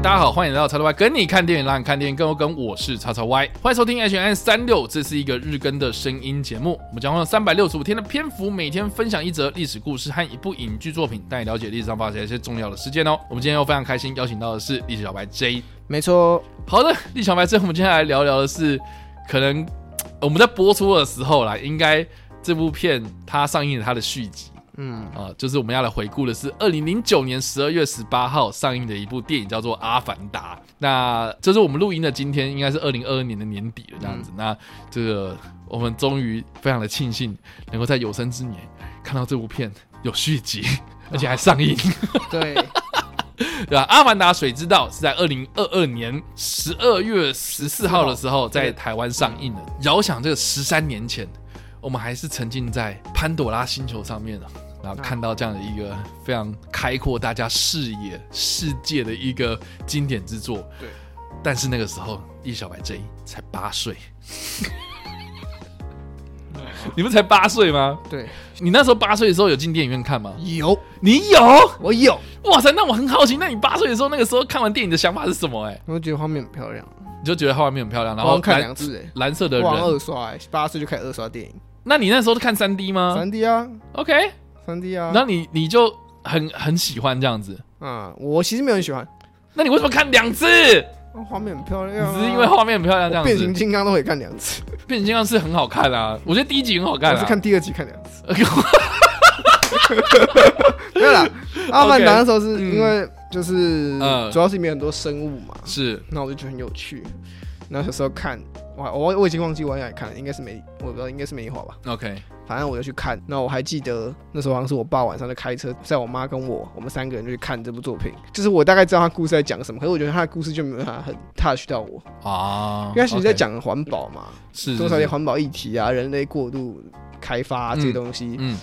大家好，歡迎來到 XXY 跟你看電影，讓你看電影更有梗。我是 XXY，歡迎收聽 H&M 365，這是一個日更的聲音節目。我們將用三百六十五天的篇幅，每天分享一則歷史故事和一部影劇作品，帶你了解歷史上發生的一些重要的事件哦。我們今天又非常開心，邀請到的是歷史小白 J。沒錯。，好的，歷史小白 J，我們今天來聊聊的是，可能我們在播出的時候啦，應該這部片它上映了它的續集。嗯啊、呃，就是我們要來回顧的是二零零九年十二月十八號上映的一部電影，叫做《阿凡達》。那這是我們錄音的今天，應該是二零二二年的年底了，這樣子。嗯、那這個我們終於非常的慶幸，能夠在有生之年看到這部片有續集，啊、而且還上映。對， 對吧？《阿凡達》水之道是在二零二二年十二月十四號的時候在台灣上映的。這個、遙想這個十三年前，我們還是沉浸在潘朵拉星球上面了。然後看到這樣的一個非常開闊大家視野世界的一個經典之作，對。但是那個時候，易小白 J 才八歲，你們才八歲嗎？對。你那時候八歲的時候有進電影院看嗎？有，你有，我有。哇塞，那我很好奇，那你八歲的時候，那個時候看完電影的想法是什麼？哎，我就覺得畫面很漂亮。你就覺得畫面很漂亮，然後看兩次、欸，藍色的人二刷、欸，八歲就開始二刷電影。那你那時候看三 D 嗎？三 D 啊，OK。那你你就很很喜歡這樣子。嗯，我其實沒有很喜歡，那你為什麼看兩次？畫面很漂亮，只是因為畫面很漂亮這樣子。變形金剛都可以看兩次，變形金剛是很好看啊，我覺得第一集很好看，我是看第二集看兩次。沒有啦。阿凡達的時候是因為就是主要是裡面很多生物嘛，是，那我就覺得很有趣。那小時候看，我我，我已經忘記我哪裡看了，應該是美，我不知道應該是美麗華吧。OK，反正我就去看。那我還記得那時候好像是我爸晚上在開車，在我媽跟我，我們三個人就去看這部作品。就是我大概知道他故事在講什麼，可是我覺得他的故事就沒有辦法很 touch 到我啊。應該是在講環保嘛，okay. 是，是，是多少些環保議題啊，人類過度開發、啊嗯、這些東西。嗯。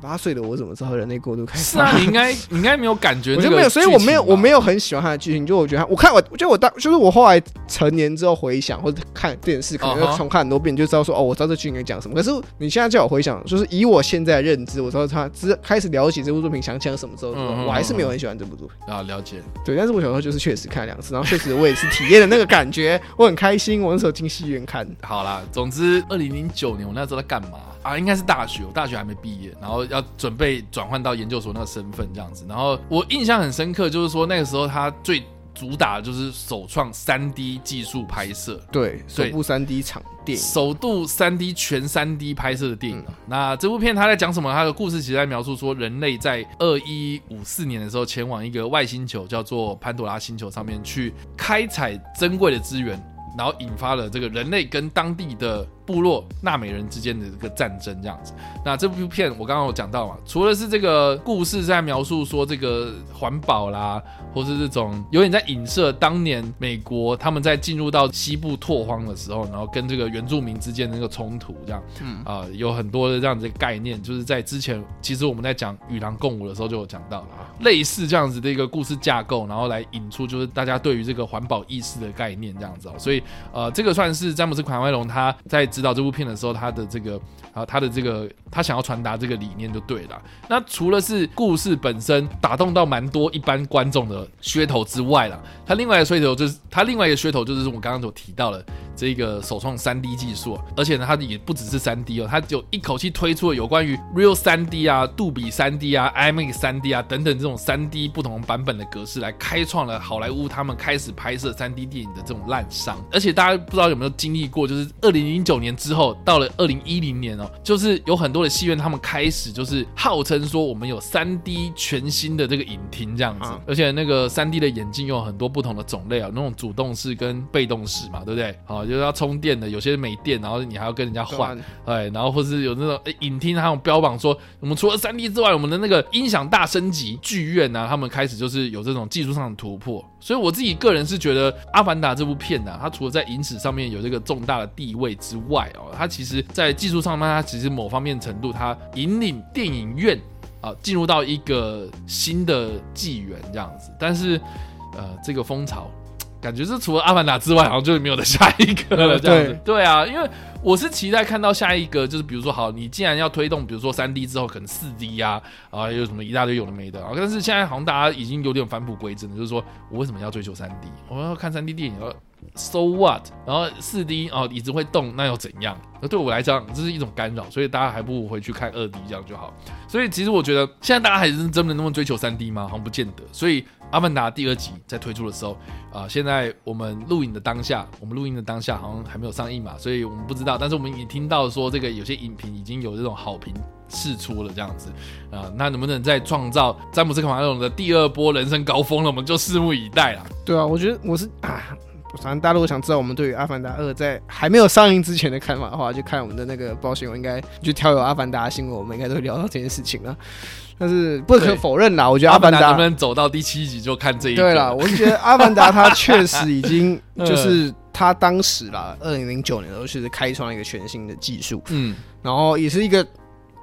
八歲的我怎麼知道人類過度開始？是啊，你應該應該沒有感覺。 我覺得沒有，所以我沒有，我沒有很喜歡他的劇情。就我覺得，他，我看我，我覺得我大，就是我後來成年之後回想，或者看電視可能重看很多遍，就知道說哦，我知道這劇情應該講什麼。可是你現在叫我回想，就是以我現在認知，我知道他只開始了解這部作品，想講什麼之後，嗯嗯嗯嗯我還是沒有很喜歡這部作品啊。了解，對。但是我小時候就是確實看了兩次，然後確實我也是體驗了那個感覺， 我很開心。我那時候進戲院看。好啦，總之，二零零九年我那時候在幹嘛啊？應該是大學，我大學還沒畢業，然後。要準備轉換到研究所那個身份這樣子，然後我印象很深刻，就是說那個時候他最主打的就是首創三 D 技術拍攝，對，對首部三 D 場電影，首度三 D 全三 D 拍攝的電影、啊。嗯、那這部片他在講什麼？他的故事其實在描述說，人類在二一五四年的時候前往一個外星球叫做潘朵拉星球上面去開採珍貴的資源，然後引發了這個人類跟當地的。部落納美人之間的這個戰爭這樣子，那這部片我剛剛有講到嘛，除了是這個故事在描述說這個環保啦，或是這種有點在影射當年美國他們在進入到西部拓荒的時候，然後跟這個原住民之間的那個衝突這樣，嗯啊、呃，有很多的這樣子的概念，就是在之前其實我們在講《與狼共舞》的時候就有講到了、啊，類似這樣子的一個故事架構，然後來引出就是大家對於這個環保意識的概念這樣子哦，所以呃，這個算是詹姆士·卡麥隆他在。知道這部片的時候，他的這個啊，他的這個他想要傳達這個理念就對了。那除了是故事本身打動到蠻多一般觀眾的噱頭之外了，他另外一個噱頭就是他另外一個噱頭就是我剛剛所提到的。這個首創 3D 技術，而且呢，它也不只是 3D 哦，它就一口氣推出了有關於 Real 3D 啊、杜比 3D 啊、IMAX 3D 啊等等這種 3D 不同版本的格式，來開創了好萊塢他們開始拍攝 3D 電影的這種濫觴。而且大家不知道有沒有經歷過，就是2009年之後，到了2010年哦，就是有很多的戲院他們開始就是號稱說，我們有 3D 全新的這個影廳這樣子，而且那個 3D 的眼鏡有很多不同的種類啊，那種主動式跟被動式嘛，對不對？好。就是要充電的，有些沒電，然後你還要跟人家換，哎、啊，然後或是有那種、欸、影廳，他們標榜說，我們除了 3D 之外，我們的那個音響大升級，劇院啊，他們開始就是有這種技術上的突破。所以我自己個人是覺得，《阿凡達》這部片啊，它除了在影史上面有這個重大的地位之外，哦，它其實在技術上面，它其實某方面程度，它引領電影院啊，進入到一個新的紀元這樣子。但是，呃，這個風潮。感覺是除了阿凡達之外，好像就是沒有的下一個了這樣子。對啊，因為我是期待看到下一個，就是比如說，好，你既然要推動，比如說 3D 之後，可能 4D 呀、啊，啊，有什麼一大堆有的沒的啊。但是現在好像大家已經有點返璞歸真了，就是說我為什麼要追求 3D？我要看 3D 電影，so what？然後 4D 啊，椅子會動，那又怎樣？那對我來講，這是一種干擾，所以大家還不如回去看 2D 這樣就好。所以其實我覺得，現在大家還是真的，真的那麼追求 3D 嗎？好像不見得。所以。《阿凡達》第二集在推出的時候，啊、呃，現在我們錄影的當下，我們錄影的當下好像還沒有上映嘛，所以我們不知道。但是我們已經聽到說，這個有些影評已經有這種好評釋出了這樣子，啊、呃，那能不能再創造詹姆士卡麥隆的第二波人生高峰了？我們就拭目以待啦。對啊，我覺得我是啊。反正大家如果想知道我們對於《阿凡達二》在還沒有上映之前的看法的話，就看我們的那個報新聞，應該就挑有《阿凡達》的新聞，我們應該都會聊到這件事情了。但是不可否認啦，我覺得《阿凡達對》阿凡達能不能走到第七集就看這一集了對了。我覺得《阿凡達》它確實已經就是它當時啦，二零零九年的時候確實開創了一個全新的技術，嗯，然後也是一個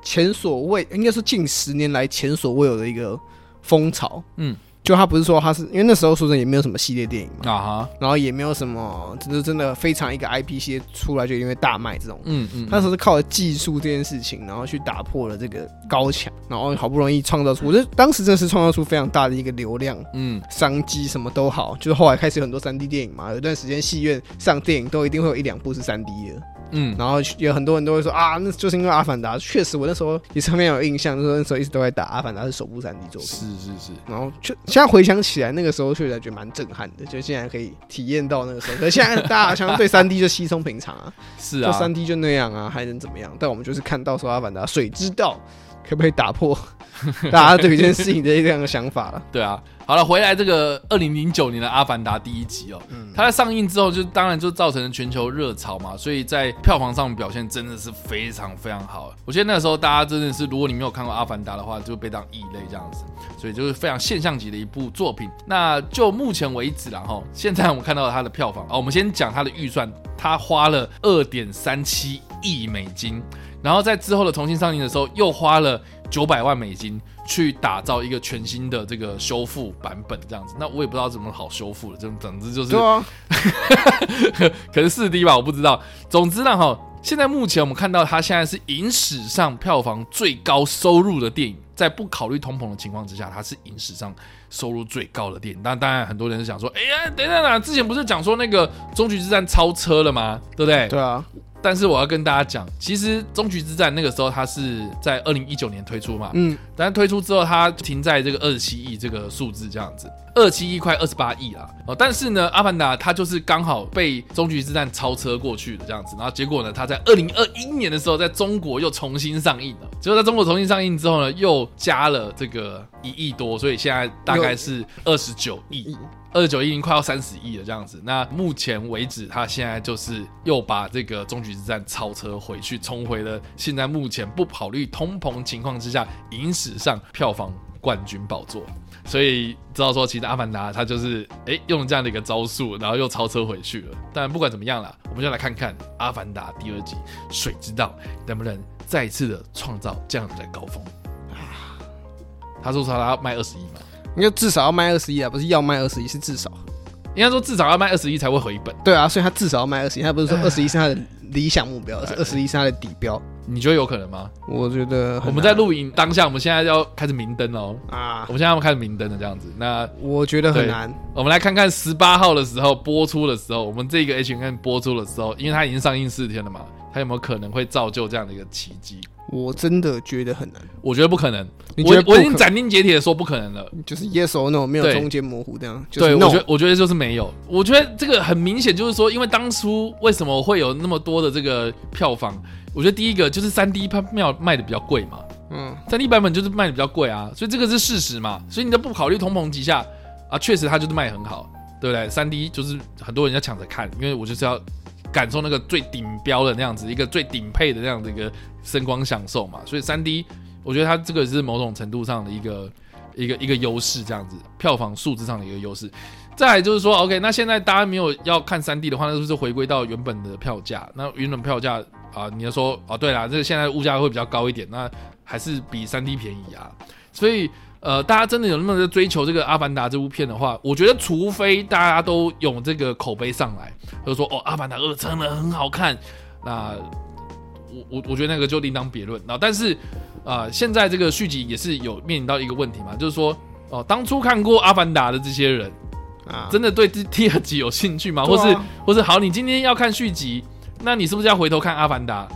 前所未應該是近十年來前所未有的一個風潮，嗯。就他不是說他是，因為那時候說真的也沒有什麼系列電影嘛，然後也沒有什麼，就是真的非常一個 IP 系列出來就因為大賣這種，嗯嗯，那時候是靠技術這件事情，然後去打破了這個高牆，然後好不容易創造出，我覺得當時真的是創造出非常大的一個流量，嗯，商機什麼都好，就是後來開始有很多三 D 電影嘛，有一段時間戲院上電影都一定會有一兩部是三 D 的。嗯，然後有很多人都會說啊，那就是因為《阿凡達》，確實我那時候也是蠻有印象，就是說那時候一直都在打《阿凡達》，是首部三 D 作品，是是是。然後就現在回想起來，那個時候確實覺得蠻震撼的，就竟然可以體驗到那個時候。 可是現在大家好像對三 D 就稀鬆平常啊，是啊，三 D 就那樣啊，還能怎麼樣？但我們就是看到時候《阿凡達》，誰知道可不可以打破 大家對一件事情的一個這樣的想法了啊。對啊。好了，回來這個二零零九年的《阿凡達》第一集哦，嗯、它在上映之後就當然就造成了全球熱潮嘛，所以在票房上表現真的是非常非常好。我覺得那時候大家真的是，如果你沒有看過《阿凡達》的話，就會被當異類這樣子，所以就是非常現象級的一部作品。那就目前為止啦，然後現在我們看到它的票房，哦、我們先講它的預算，它花了二點三七億美金，然後在之後的重新上映的時候又花了九百萬美金。去打造一個全新的這個修復版本，這樣子，那我也不知道怎麼好修復了，這種總之就是，啊、 可能 4D 吧，我不知道。總之呢，哈，現在目前我們看到它現在是影史上票房最高收入的電影，在不考慮通膨的情況之下，它是影史上收入最高的電影。那當，當然很多人是想說，哎呀，等等啊，之前不是講說那個《終局之戰》超車了嗎？對不對？對啊。但是我要跟大家講，其實《終局之戰》那個時候它是在二零一九年推出嘛，嗯，但是推出之後它停在這個二十七億這個數字這樣子，二七億快二十八億了哦。但是呢，《阿凡達》它就是剛好被《終局之戰》超車過去的這樣子，然後結果呢，它在二零二一年的時候在中國又重新上映了。結果在中國重新上映之後呢，又加了這個一億多，所以現在大概是二十九億。嗯嗯二九一億，快要三十億了，這樣子。那目前為止，他現在就是又把這個終局之戰超車回去，衝回了現在目前不考慮通膨情況之下影史上票房冠軍寶座。所以知道說，其實阿凡達他就是哎、欸、用了這樣的一個招數，然後又超車回去了。但不管怎麼樣啦，我們就來看看阿凡達第二集《水之道》能不能再次的創造這樣子的高峰。他說他，他要賣二十億嗎？因為至少要賣二十一啊，不是要賣二十一，是至少。應該說至少要賣二十一才會回本，對啊，所以他至少要賣二十一，他不是說二十一是他的理想目標，而是二十一是他的底標。你覺得有可能嗎？我覺得很我們在錄影當下，我們現在要開始明燈哦。啊，我們現在要開始明燈了，這樣子。那我覺得很難。我們來看看十八號的時候播出的時候，我們這個 H&M 播出的時候，因為它已經上映四天了嘛，它有沒有可能會造就這樣的一個奇蹟？我真的覺得很難，我覺得不可能。可能我我已經斬釘截鐵的說不可能了，就是 yes or no，沒有中間模糊這樣。對，就是 no，對，我覺得我覺得就是沒有，我覺得這個很明顯就是說，因為當初為什麼會有那麼多的這個票房？我覺得第一個就是 3D 版票賣的比較貴嘛，嗯，3D 版本就是賣的比較貴啊，所以這個是事實嘛。所以你都不考慮通膨幾下啊，確實它就是賣的很好，對不對？3D 就是很多人要搶着看，因為我就是要。感受那個最頂標的那樣子，一個最頂配的那樣子一個聲光享受嘛，所以三 D，我覺得它這個是某種程度上的一個一個一個優勢，這樣子票房數字上的一個優勢。再來就是說，OK，那現在大家沒有要看三 D 的話，那是不是回歸到原本的票價？那原本票價啊，你要說哦，啊、對了，這現在物價會比較高一點，那還是比三 D 便宜啊，所以。呃，大家真的有那麼在追求這個《阿凡達》這部片的話，我覺得除非大家都有這個口碑上來，就說哦，《阿凡達二》真的很好看，那我我我覺得那個就另當別論。然、哦、後，但是啊、呃，現在這個續集也是有面臨到一個問題嘛，就是說哦，當初看過《阿凡達》的這些人啊，真的對第第二集有興趣嗎？啊、或是或是好，你今天要看續集，那你是不是要回頭看《阿凡達》？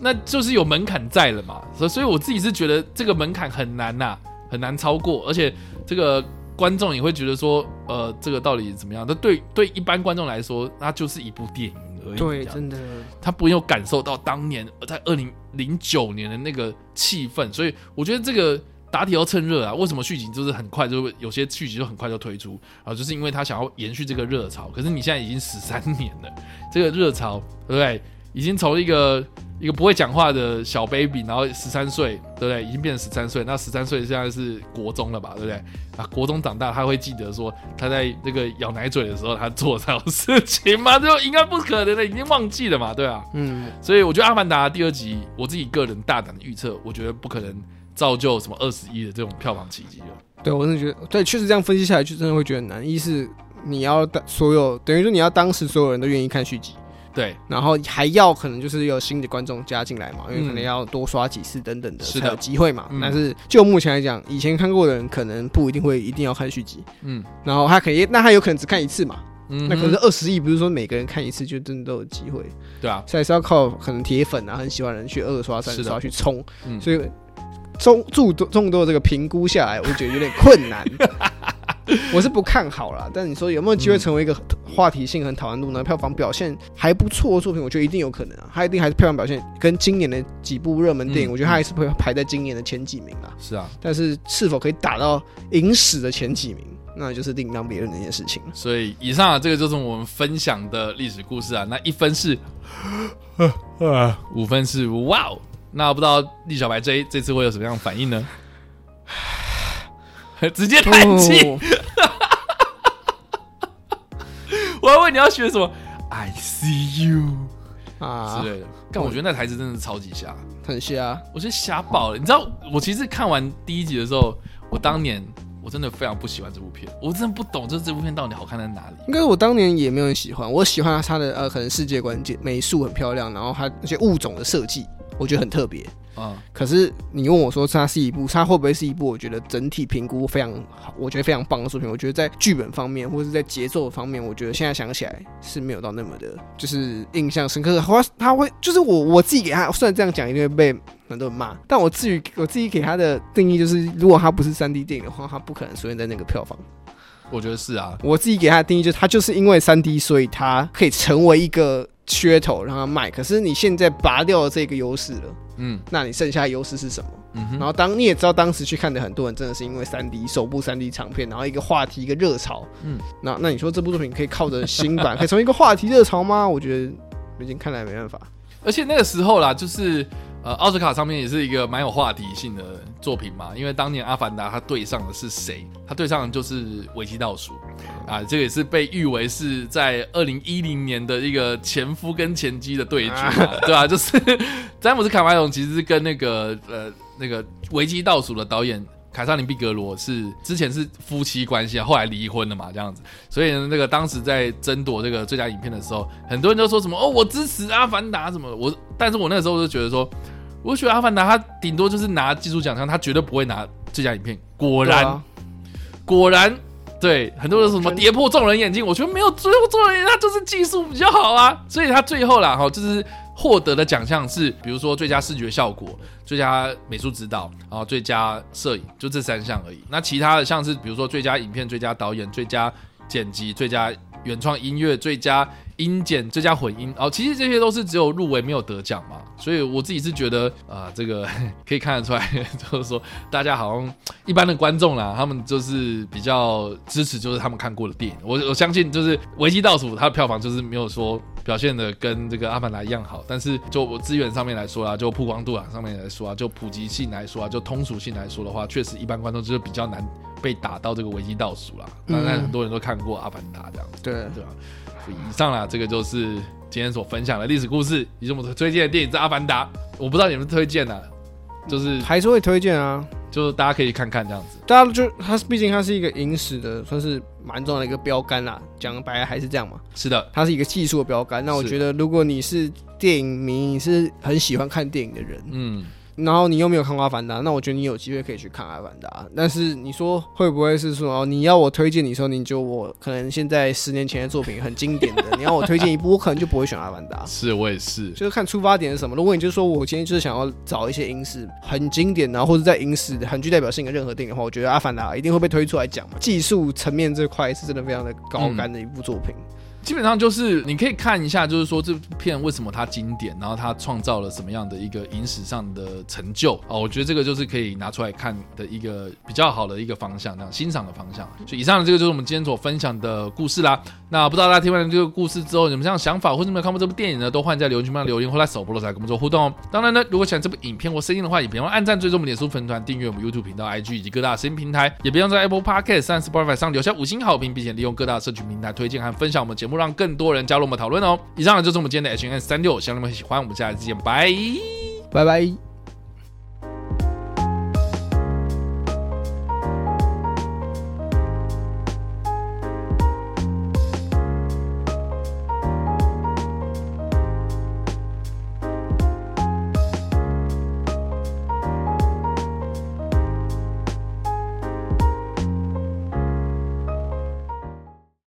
那就是有門檻在了嘛，所所以我自己是覺得這個門檻很難吶、啊。很難超過，而且這個觀眾也會覺得說，呃，這個到底怎麼樣？那對對一般觀眾來說，那就是一部電影而已。對，真的，他不用感受到當年在二零零九年的那個氣氛。所以我覺得這個打鐵要趁熱啊！為什麼續集就是很快就會有些續集就很快就推出啊？就是因為他想要延續這個熱潮。可是你現在已經十三年了，這個熱潮對不對？已經從一個。一個不會講話的小 baby，然後十三歲，對不對？已經變成十三歲，那十三歲現在是國中了吧，對不對？啊，國中長大，他會記得說他在這個咬奶嘴的時候，他做這種事情嗎？這應該不可能的，已經忘記了嘛，對啊。嗯，所以我覺得《阿凡達》第二集，我自己個人大膽的預測，我覺得不可能造就什麼二十億的這種票房奇蹟了。對，我真的覺得，對，確實這樣分析下來，就真的會覺得難。一是你要當所有，等於說你要當時所有人都願意看續集。對，然後還要可能就是有新的觀眾加進來嘛，嗯、因為可能要多刷幾次等等的才有機會嘛。是的但是就目前來講，嗯、以前看過的人可能不一定會一定要看續集。嗯，然後他可以，那他有可能只看一次嘛。嗯哼，那可是二十億，不是說每個人看一次就真的都有機會。對啊，所以還是要靠可能鐵粉啊，很喜歡的人去二刷三刷去衝。嗯、所以眾眾多眾多的這個評估下來，我就覺得有點困難。 我是不看好啦，但你說有沒有機會成為一個話題性很討論度呢？嗯、票房表現還不錯的作品，我覺得一定有可能啊！他一定還是票房表現跟今年的幾部熱門電影，我覺得他還是會排在今年的前幾名啊。是啊、嗯，嗯、但是是否可以打到影史的前幾名，啊、那就是另當別論的一件事情了。所以以上啊，這個就是我們分享的歷史故事啊。那一分是，五分是哇哦，那不知道李小白這這次會有什麼樣的反應呢？直接嘆氣。Oh. 我要問你要學什麼？I see you 啊之類的。但我覺得那台詞真的是超級瞎，嗯、很瞎、啊。我覺得瞎爆了。你知道，我其實看完第一集的時候，我當年我真的非常不喜歡這部片。我真的不懂，就是這部片到底好看在哪裡。應該我當年也沒有很喜歡。我喜歡它的呃，可能世界觀、建美術很漂亮，然後它那些物種的設計，我覺得很特別。嗯、可是你問我說，它是一部，它會不會是一部？我覺得整體評估非常好，我覺得非常棒的作品。我覺得在劇本方面，或者是在節奏方面，我覺得現在想起來是沒有到那麼的，就是印象深刻的話，它會就是我我自己給它，雖然這樣講一定會被很多人罵，但我至於我自己給他的定義就是，如果它不是三 D 電影的話，它不可能出現在那個票房。我覺得是啊，我自己給他的定義就是，他就是因為三 D，所以他可以成為一個。噱頭讓他賣，可是你現在拔掉了這個優勢了，嗯，那你剩下的優勢是什麼？嗯哼，然後當你也知道當時去看的很多人真的是因為三 D 首部三 D 長片，然後一個話題一個熱潮，嗯，那那你說這部作品可以靠着新版， 可以成為一個話題熱潮嗎？我覺得已經看來沒辦法。而且那個時候啦，就是呃，奧斯卡上面也是一個蠻有話題性的作品嘛，因為當年阿凡達他對上的是誰？他對上的就是《危機倒數》。啊，這個也是被譽為是在二零一零年的一個前夫跟前妻的對決，啊、對吧、啊？就是 詹姆斯卡麥隆其實是跟那個呃那個《危機倒數》的導演凱薩琳畢格羅是之前是夫妻關係，後來離婚了嘛，這樣子。所以呢，那個當時在爭奪這個最佳影片的時候，很多人都說什麼哦，我支持《阿凡達》什麼我，但是我那個時候就覺得說，我覺得《阿凡達》，他頂多就是拿技術獎項，他絕對不會拿最佳影片。果然，啊、果然。對，很多人什麼跌破眾人眼鏡，我覺得沒有跌破眾人眼鏡，那就是技術比較好啊，所以他最後啦哈，就是獲得的獎項是，比如說最佳視覺效果、最佳美術指導，然後最佳攝影，就這三項而已。那其他的像是，比如說最佳影片、最佳導演、最佳剪輯、最佳原創音樂、最佳。音剪最佳混音哦，其實這些都是只有入圍沒有得獎嘛，所以我自己是覺得啊、呃，這個可以看得出來，就是說大家好像一般的觀眾啦，他們就是比較支持，就是他們看過的電影。我我相信就是《危機倒數》它的票房就是沒有說表現的跟這個《阿凡達》一樣好，但是就資源上面來說啦，就曝光度啊上面來說啊，就普及性來說啊，就通俗性來說的話，確實一般觀眾就是比較難被打到這個《危機倒數》啦。當然很多人都看過《阿凡達》這樣子。嗯、對，對啊。以上啦、啊，這個就是今天所分享的歷史故事。以及我們推薦的電影是《阿凡達》，我不知道你們是推薦呢，就是還是會推薦啊，就是、啊、就大家可以看看這樣子。大家就它畢竟它是一個影史的，算是蠻重要的一個標杆啦。講白還是這樣嘛，是的，它是一個技術的標杆。那我覺得如果你是電影迷，是你是很喜歡看電影的人，嗯。然後你又沒有看過阿凡達，那我覺得你有機會可以去看阿凡達。但是你說會不會是說哦，你要我推薦你時候，你就我可能現在十年前的作品很經典的。 你要我推薦一部，我可能就不會選阿凡達。是我也是，就是看出發點是什麼。如果你就是說我今天就是想要找一些影史很經典的，然後或者在影史很具代表性的任何電影的話，我覺得阿凡達一定會被推出來講嘛 技術層面這塊是真的非常的高竿的一部作品。嗯。基本上就是你可以看一下，就是說這片為什麼它經典，然後它創造了什麼樣的一個影史上的成就啊？我覺得這個就是可以拿出來看的一個比較好的一個方向，那樣欣賞的方向啊。所以以上的這個就是我們今天所分享的故事啦。那不知道大家聽完這個故事之後有什麼樣的想法，或者沒有看過這部電影呢？都歡迎在留言區裡面留言，或在首播的時候來跟我們做互動哦。當然呢，如果喜歡這部影片或聲音的話，也別忘了按讚、追蹤我們臉書粉團、訂閱我們 YouTube 頻道、IG 以及各大聲音平台，也別忘了在 Apple Podcast、Spotify 上留下五星好評，並且利用各大的社群平台推薦和分享我們節目。讓更多人加入我們討論哦！以上呢，就是我們今天的 H&M 365，希望你們喜歡我們，下期見，拜拜拜，拜。